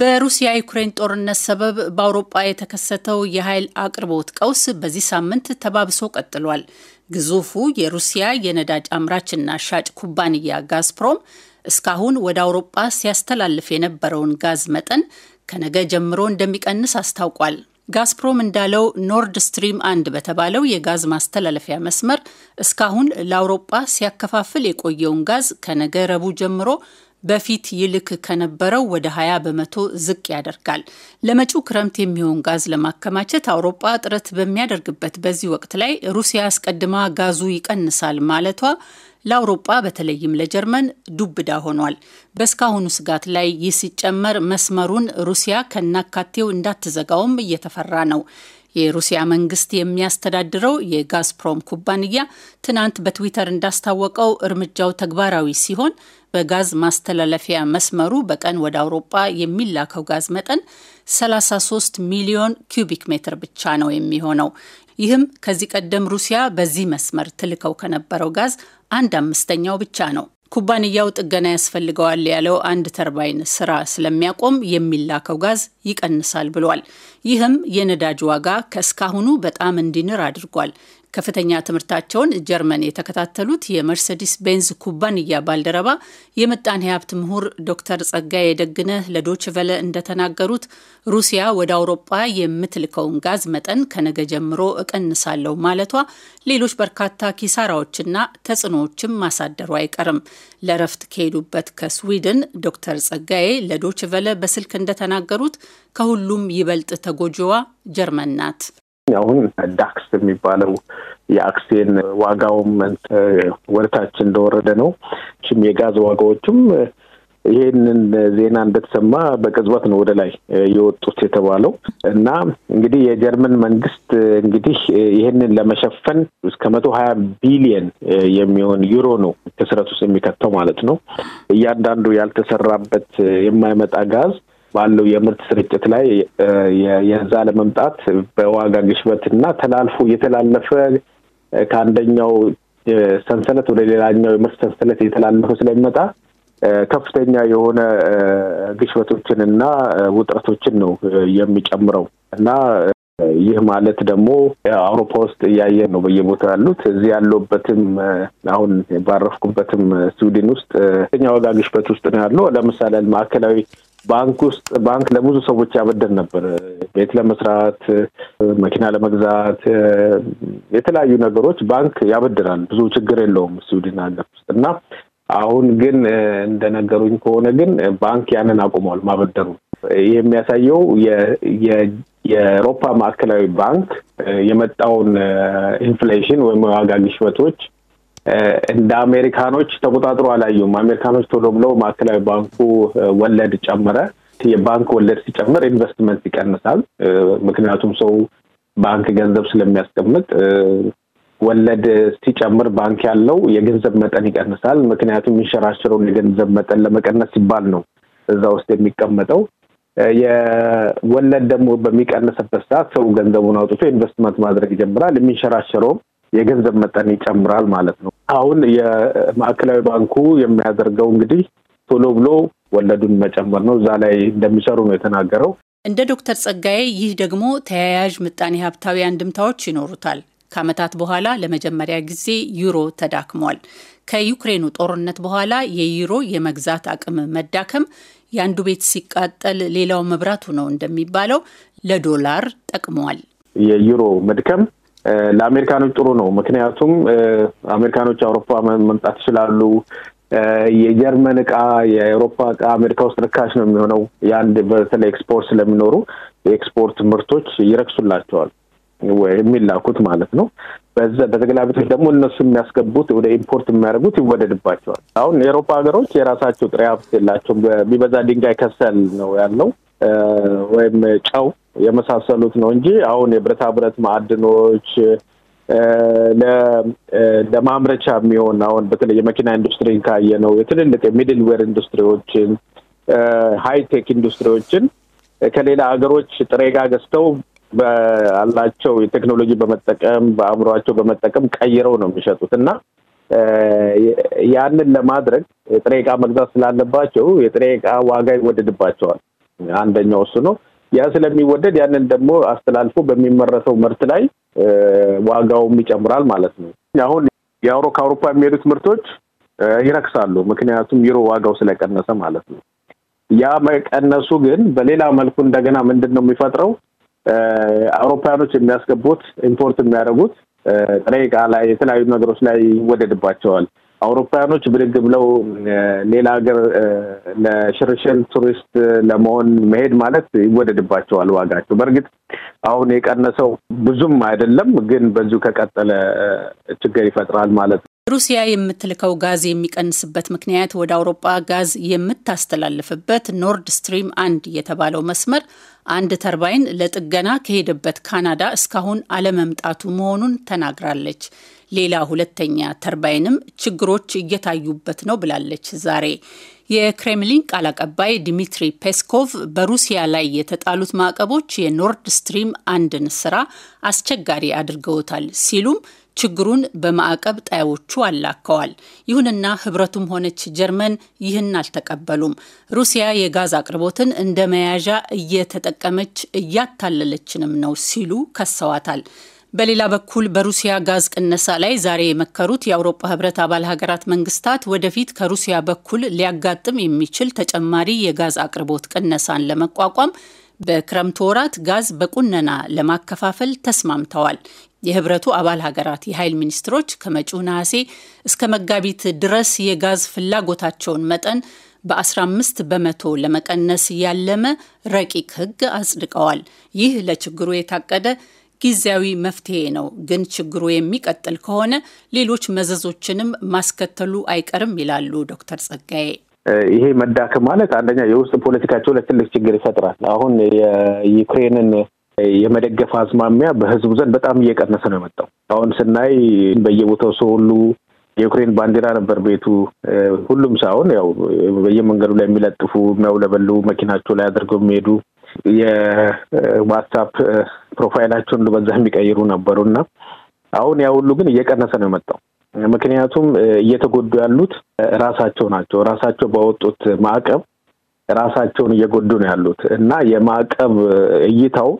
በሩሲያ ዩክሬን ጦርነት ሰበብ በአውሮጳ የተከሰተው የኃይል አቅርቦት ቀውስ በዚህ ሳምንት ተባብሶ ቀጥሏል። ግዙፉ የሩሲያ የነዳጅ አምራችና ሻጭ ኩባንያ ጋዝፕሮም እስካሁን ወደ አውሮጳ ሲያስተላልፍ የነበረውን ጋዝ መጠን ከነገ ጀምሮ እንደሚቀንስ አስታውቋል። ጋዝፕሮም እንዳለው ኖርድ ስትሪም አንድ በተባለው የጋዝ ማስተላለፊያ መስመር እስካሁን ለአውሮጳ ሲያከፋፍል የቆየውን ጋዝ ከነገ ረቡዕ ጀምሮ በፊት ይልክ ከነበረው ወደ 20 በመቶ ዝቅ ያደርጋል። ለመጪው ክረምት የሚሆን ጋዝ ለማከማቸት አውሮፓ ጥረት በሚያደርግበት በዚህ ወቅት ላይ ሩሲያ አስቀድማ ጋዙ ይቀንሳል ማለቷ ለአውሮጳ በተለይም ለጀርመን ዱብዳ ሆኗል። በእስካሁኑ ስጋት ላይ ይህ ሲጨመር መስመሩን ሩሲያ ከናካቴው እንዳትዘጋውም እየተፈራ ነው። የሩሲያ መንግስት የሚያስተዳድረው የጋዝፕሮም ኩባንያ ትናንት በትዊተር እንዳስታወቀው እርምጃው ተግባራዊ ሲሆን በጋዝ ማስተላለፊያ መስመሩ በቀን ወደ አውሮጳ የሚላከው ጋዝ መጠን 33 ሚሊዮን ኪዩቢክ ሜትር ብቻ ነው የሚሆነው። ይህም ከዚህ ቀደም ሩሲያ በዚህ መስመር ትልከው ከነበረው ጋዝ አንድ አምስተኛው ብቻ ነው። ኩባንያው ጥገና ያስፈልገዋል ያለው አንድ ተርባይን ስራ ስለሚያቆም የሚላከው ጋዝ ይቀንሳል ብሏል። ይህም የነዳጅ ዋጋ ከእስካሁኑ በጣም እንዲንር አድርጓል። ከፍተኛ ትምህርታቸውን ጀርመን የተከታተሉት የመርሴዲስ ቤንዝ ኩባንያ ባልደረባ የምጣኔ ሀብት ምሁር ዶክተር ጸጋዬ ደግነህ ለዶችቨለ እንደተናገሩት ሩሲያ ወደ አውሮጳ የምትልከውን ጋዝ መጠን ከነገ ጀምሮ እቀንሳለሁ ማለቷ ሌሎች በርካታ ኪሳራዎችና ተጽዕኖዎችም ማሳደሩ አይቀርም። ለረፍት ከሄዱበት ከስዊድን ዶክተር ጸጋዬ ለዶችቨለ በስልክ እንደተናገሩት ከሁሉም ይበልጥ ተጎጂዋ ጀርመን ናት። አሁን ዳክስ የሚባለው የአክሴን ዋጋውም ወደታች እንደወረደ ነው። የጋዝ ዋጋዎችም ይህንን ዜና እንደተሰማ በቅጽበት ነው ወደ ላይ የወጡት የተባለው እና እንግዲህ የጀርመን መንግስት እንግዲህ ይህንን ለመሸፈን እስከ መቶ ሀያ ቢሊየን የሚሆን ዩሮ ነው ክስረት ውስጥ የሚከተው ማለት ነው። እያንዳንዱ ያልተሰራበት የማይመጣ ጋዝ ባለው የምርት ስርጭት ላይ የዛ ለመምጣት በዋጋ ግሽበት እና ተላልፎ እየተላለፈ ከአንደኛው ሰንሰለት ወደ ሌላኛው የምርት ሰንሰለት እየተላለፈ ስለሚመጣ ከፍተኛ የሆነ ግሽበቶችንና ውጥረቶችን ነው የሚጨምረው እና ይህ ማለት ደግሞ አውሮፓ ውስጥ እያየን ነው በየቦታው ያሉት። እዚህ ያለበትም አሁን ባረፍኩበትም ስዊድን ውስጥ ከፍተኛ ዋጋ ግሽበት ውስጥ ነው ያለው። ለምሳሌ ማዕከላዊ ባንክ ውስጥ ባንክ ለብዙ ሰዎች ያበደር ነበር፣ ቤት ለመስራት፣ መኪና ለመግዛት፣ የተለያዩ ነገሮች ባንክ ያበድራል። ብዙ ችግር የለውም ስዊድን ሀገር ውስጥ እና አሁን ግን እንደነገሩኝ ከሆነ ግን ባንክ ያንን አቁሟል ማበደሩ። ይህ የሚያሳየው የአውሮፓ ማዕከላዊ ባንክ የመጣውን ኢንፍሌሽን ወይም የዋጋ ግሽበቶች እንደ አሜሪካኖች ተቆጣጥሮ አላዩም። አሜሪካኖች ቶሎ ብለው ማዕከላዊ ባንኩ ወለድ ጨመረ። የባንክ ወለድ ሲጨምር ኢንቨስትመንት ይቀንሳል። ምክንያቱም ሰው ባንክ ገንዘብ ስለሚያስቀምጥ ወለድ ሲጨምር ባንክ ያለው የገንዘብ መጠን ይቀንሳል። ምክንያቱም የሚንሸራሸረውን የገንዘብ መጠን ለመቀነስ ሲባል ነው እዛ ውስጥ የሚቀመጠው። የወለድ ደግሞ በሚቀንስበት ሰዓት ሰው ገንዘቡን አውጥቶ ኢንቨስትመንት ማድረግ ይጀምራል። የሚንሸራሸረውም የገንዘብ መጠን ይጨምራል ማለት ነው። አሁን የማዕከላዊ ባንኩ የሚያደርገው እንግዲህ ቶሎ ብሎ ወለዱን መጨመር ነው። እዛ ላይ እንደሚሰሩ ነው የተናገረው። እንደ ዶክተር ጸጋዬ ይህ ደግሞ ተያያዥ ምጣኔ ሀብታዊ አንድምታዎች ይኖሩታል። ከዓመታት በኋላ ለመጀመሪያ ጊዜ ዩሮ ተዳክሟል። ከዩክሬኑ ጦርነት በኋላ የዩሮ የመግዛት አቅም መዳከም የአንዱ ቤት ሲቃጠል ሌላው መብራቱ ነው እንደሚባለው ለዶላር ጠቅሟል። የዩሮ መድከም ለአሜሪካኖች ጥሩ ነው። ምክንያቱም አሜሪካኖች አውሮፓ መምጣት ይችላሉ። የጀርመን እቃ የአውሮፓ እቃ አሜሪካ ውስጥ ርካሽ ነው የሚሆነው። የአንድ በተለይ ኤክስፖርት ስለሚኖሩ የኤክስፖርት ምርቶች ይረክሱላቸዋል። የሚላኩት ማለት ነው። በተገላቢጦች ደግሞ እነሱ የሚያስገቡት ወደ ኢምፖርት የሚያደርጉት ይወደድባቸዋል። አሁን የአውሮፓ ሀገሮች የራሳቸው ጥሬ ሀብት የላቸው የሚበዛ ድንጋይ ከሰል ነው ያለው ወይም ጨው የመሳሰሉት ነው እንጂ አሁን የብረታ ብረት ማዕድኖች ለማምረቻ የሚሆን አሁን በተለይ የመኪና ኢንዱስትሪን ካየ ነው የትልልቅ የሚድል ዌር ኢንዱስትሪዎችን ሃይቴክ ኢንዱስትሪዎችን ከሌላ ሀገሮች ጥሬ ዕቃ ገዝተው በአላቸው የቴክኖሎጂ በመጠቀም በአእምሯቸው በመጠቀም ቀይረው ነው የሚሸጡት እና ያንን ለማድረግ የጥሬ እቃ መግዛት ስላለባቸው የጥሬ እቃ ዋጋ ይወደድባቸዋል። አንደኛው እሱ ነው። ያ ስለሚወደድ ያንን ደግሞ አስተላልፎ በሚመረተው ምርት ላይ ዋጋውም ይጨምራል ማለት ነው። አሁን የአውሮ ከአውሮፓ የሚሄዱት ምርቶች ይረክሳሉ። ምክንያቱም ዩሮ ዋጋው ስለቀነሰ ማለት ነው። ያ መቀነሱ ግን በሌላ መልኩ እንደገና ምንድን ነው የሚፈጥረው? አውሮፓውያኖች የሚያስገቡት ኢምፖርት የሚያደርጉት ጥሬ ዕቃ ላይ የተለያዩ ነገሮች ላይ ይወደድባቸዋል። አውሮፓውያኖች ብድግ ብለው ሌላ ሀገር ለሽርሽር ቱሪስት ለመሆን መሄድ ማለት ይወደድባቸዋል ዋጋቸው። በእርግጥ አሁን የቀነሰው ብዙም አይደለም፣ ግን በዚሁ ከቀጠለ ችግር ይፈጥራል ማለት ነው። ሩሲያ የምትልከው ጋዝ የሚቀንስበት ምክንያት ወደ አውሮፓ ጋዝ የምታስተላልፍበት ኖርድ ስትሪም አንድ የተባለው መስመር አንድ ተርባይን ለጥገና ከሄደበት ካናዳ እስካሁን አለመምጣቱ መሆኑን ተናግራለች። ሌላ ሁለተኛ ተርባይንም ችግሮች እየታዩበት ነው ብላለች ዛሬ። የክሬምሊን ቃል አቀባይ ዲሚትሪ ፔስኮቭ በሩሲያ ላይ የተጣሉት ማዕቀቦች የኖርድ ስትሪም አንድን ስራ አስቸጋሪ አድርገውታል ሲሉም ችግሩን በማዕቀብ ጣዮቹ አላከዋል። ይሁንና ህብረቱም ሆነች ጀርመን ይህን አልተቀበሉም። ሩሲያ የጋዝ አቅርቦትን እንደ መያዣ እየተጠቀመች እያታለለችንም ነው ሲሉ ከሰዋታል። በሌላ በኩል በሩሲያ ጋዝ ቅነሳ ላይ ዛሬ የመከሩት የአውሮፓ ህብረት አባል ሀገራት መንግስታት ወደፊት ከሩሲያ በኩል ሊያጋጥም የሚችል ተጨማሪ የጋዝ አቅርቦት ቅነሳን ለመቋቋም በክረምቱ ወራት ጋዝ በቁነና ለማከፋፈል ተስማምተዋል። የህብረቱ አባል ሀገራት የኃይል ሚኒስትሮች ከመጪው ነሐሴ እስከ መጋቢት ድረስ የጋዝ ፍላጎታቸውን መጠን በ15 በመቶ ለመቀነስ ያለመ ረቂቅ ህግ አጽድቀዋል። ይህ ለችግሩ የታቀደ ጊዜያዊ መፍትሄ ነው፣ ግን ችግሩ የሚቀጥል ከሆነ ሌሎች መዘዞችንም ማስከተሉ አይቀርም ይላሉ ዶክተር ጸጋዬ። ይሄ መዳከም ማለት አንደኛ የውስጥ ፖለቲካቸው ለትልቅ ችግር ይፈጥራል። አሁን የዩክሬንን የመደገፍ አዝማሚያ በህዝቡ ዘንድ በጣም እየቀነሰ ነው የመጣው። አሁን ስናይ በየቦታው ሰው ሁሉ የዩክሬን ባንዲራ ነበር ቤቱ። ሁሉም ሳይሆን ያው በየመንገዱ ላይ የሚለጥፉ የሚያውለበልቡ፣ መኪናቸው ላይ አድርገው የሚሄዱ የዋትሳፕ ፕሮፋይላቸውን በዛ የሚቀይሩ ነበሩ እና አሁን ያ ሁሉ ግን እየቀነሰ ነው የመጣው። ምክንያቱም እየተጎዱ ያሉት ራሳቸው ናቸው። ራሳቸው ባወጡት ማዕቀብ ራሳቸውን እየጎዱ ነው ያሉት እና የማዕቀብ እይታው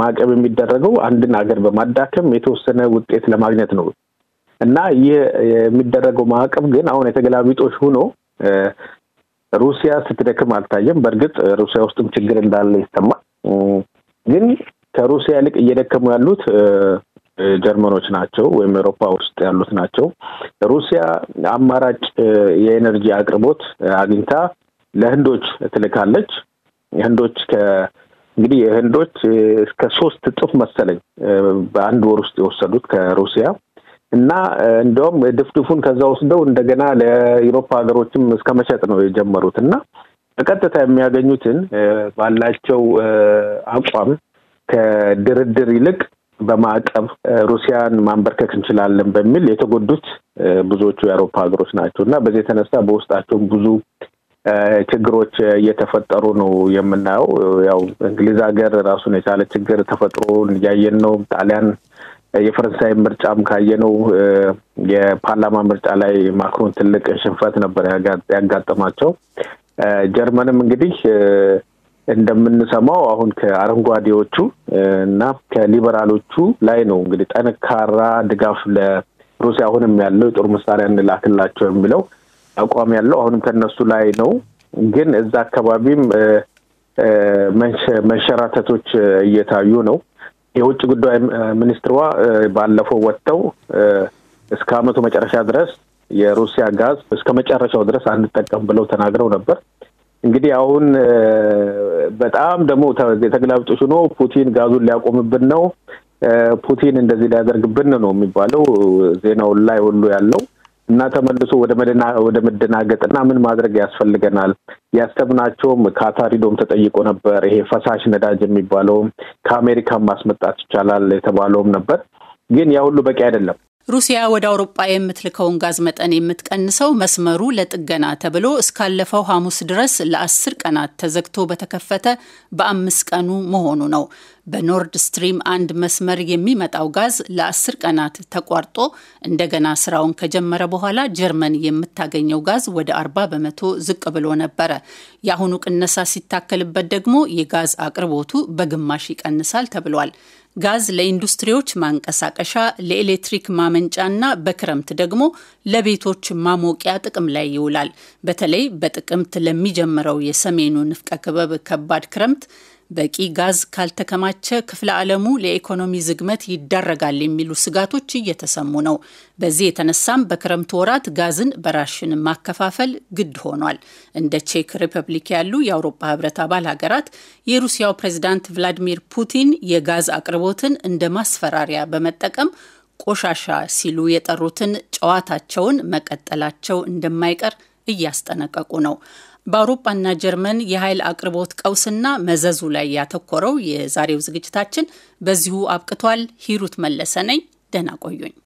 ማዕቀብ የሚደረገው አንድን ሀገር በማዳከም የተወሰነ ውጤት ለማግኘት ነው እና ይህ የሚደረገው ማዕቀብ ግን አሁን የተገላቢጦሽ ሆኖ ሩሲያ ስትደክም አልታየም። በእርግጥ ሩሲያ ውስጥም ችግር እንዳለ ይሰማል። ግን ከሩሲያ ይልቅ እየደከሙ ያሉት ጀርመኖች ናቸው ወይም ኤሮፓ ውስጥ ያሉት ናቸው። ሩሲያ አማራጭ የኤነርጂ አቅርቦት አግኝታ ለህንዶች ትልካለች። ህንዶች ከ እንግዲህ ህንዶች እስከ ሶስት እጥፍ መሰለኝ በአንድ ወር ውስጥ የወሰዱት ከሩሲያ እና እንዲያውም ድፍድፉን ከዛ ወስደው እንደገና ለዩሮፓ ሀገሮችም እስከ መሸጥ ነው የጀመሩት እና በቀጥታ የሚያገኙትን ባላቸው አቋም ከድርድር ይልቅ በማዕቀብ ሩሲያን ማንበርከክ እንችላለን በሚል የተጎዱት ብዙዎቹ የአውሮፓ ሀገሮች ናቸው እና በዚህ የተነሳ በውስጣቸውም ብዙ ችግሮች እየተፈጠሩ ነው የምናየው። ያው እንግሊዝ ሀገር ራሱን የቻለ ችግር ተፈጥሮ እያየን ነው። ጣሊያን የፈረንሳይ ምርጫም ካየነው የፓርላማ ምርጫ ላይ ማክሮን ትልቅ ሽንፈት ነበር ያጋጠማቸው። ጀርመንም እንግዲህ እንደምንሰማው አሁን ከአረንጓዴዎቹ እና ከሊበራሎቹ ላይ ነው እንግዲህ ጠንካራ ድጋፍ ለሩሲያ አሁንም ያለው የጦር መሳሪያ እንላክላቸው የሚለው አቋም ያለው አሁንም ከነሱ ላይ ነው። ግን እዛ አካባቢም መንሸራተቶች እየታዩ ነው። የውጭ ጉዳይ ሚኒስትሯ ባለፈው ወጥተው እስከ ዓመቱ መጨረሻ ድረስ የሩሲያ ጋዝ እስከ መጨረሻው ድረስ አንጠቀም ብለው ተናግረው ነበር። እንግዲህ አሁን በጣም ደግሞ የተግላብጦሽ ሆኖ ፑቲን ጋዙን ሊያቆምብን ነው፣ ፑቲን እንደዚህ ሊያደርግብን ነው የሚባለው ዜናውን ላይ ሁሉ ያለው እና ተመልሶ ወደ መደናገጥና ምን ማድረግ ያስፈልገናል ያሰብናቸውም ካታር ተጠይቆ ነበር። ይሄ ፈሳሽ ነዳጅ የሚባለውም ከአሜሪካን ማስመጣት ይቻላል የተባለውም ነበር። ግን ያ ሁሉ በቂ አይደለም። ሩሲያ ወደ አውሮጳ የምትልከውን ጋዝ መጠን የምትቀንሰው መስመሩ ለጥገና ተብሎ እስካለፈው ሐሙስ ድረስ ለአስር ቀናት ተዘግቶ በተከፈተ በአምስት ቀኑ መሆኑ ነው። በኖርድ ስትሪም አንድ መስመር የሚመጣው ጋዝ ለአስር ቀናት ተቋርጦ እንደገና ስራውን ከጀመረ በኋላ ጀርመን የምታገኘው ጋዝ ወደ አርባ በመቶ ዝቅ ብሎ ነበረ። የአሁኑ ቅነሳ ሲታከልበት ደግሞ የጋዝ አቅርቦቱ በግማሽ ይቀንሳል ተብሏል። ጋዝ ለኢንዱስትሪዎች ማንቀሳቀሻ፣ ለኤሌክትሪክ ማመንጫና በክረምት ደግሞ ለቤቶች ማሞቂያ ጥቅም ላይ ይውላል። በተለይ በጥቅምት ለሚጀምረው የሰሜኑ ንፍቀ ክበብ ከባድ ክረምት በቂ ጋዝ ካልተከማቸ ክፍለ ዓለሙ ለኢኮኖሚ ዝግመት ይዳረጋል የሚሉ ስጋቶች እየተሰሙ ነው። በዚህ የተነሳም በክረምት ወራት ጋዝን በራሽን ማከፋፈል ግድ ሆኗል። እንደ ቼክ ሪፐብሊክ ያሉ የአውሮፓ ህብረት አባል ሀገራት የሩሲያው ፕሬዝዳንት ቭላዲሚር ፑቲን የጋዝ አቅርቦትን እንደ ማስፈራሪያ በመጠቀም ቆሻሻ ሲሉ የጠሩትን ጨዋታቸውን መቀጠላቸው እንደማይቀር እያስጠነቀቁ ነው። በአውሮፓና ጀርመን የኃይል አቅርቦት ቀውስና መዘዙ ላይ ያተኮረው የዛሬው ዝግጅታችን በዚሁ አብቅቷል። ሂሩት መለሰ ነኝ። ደህና ቆዩኝ።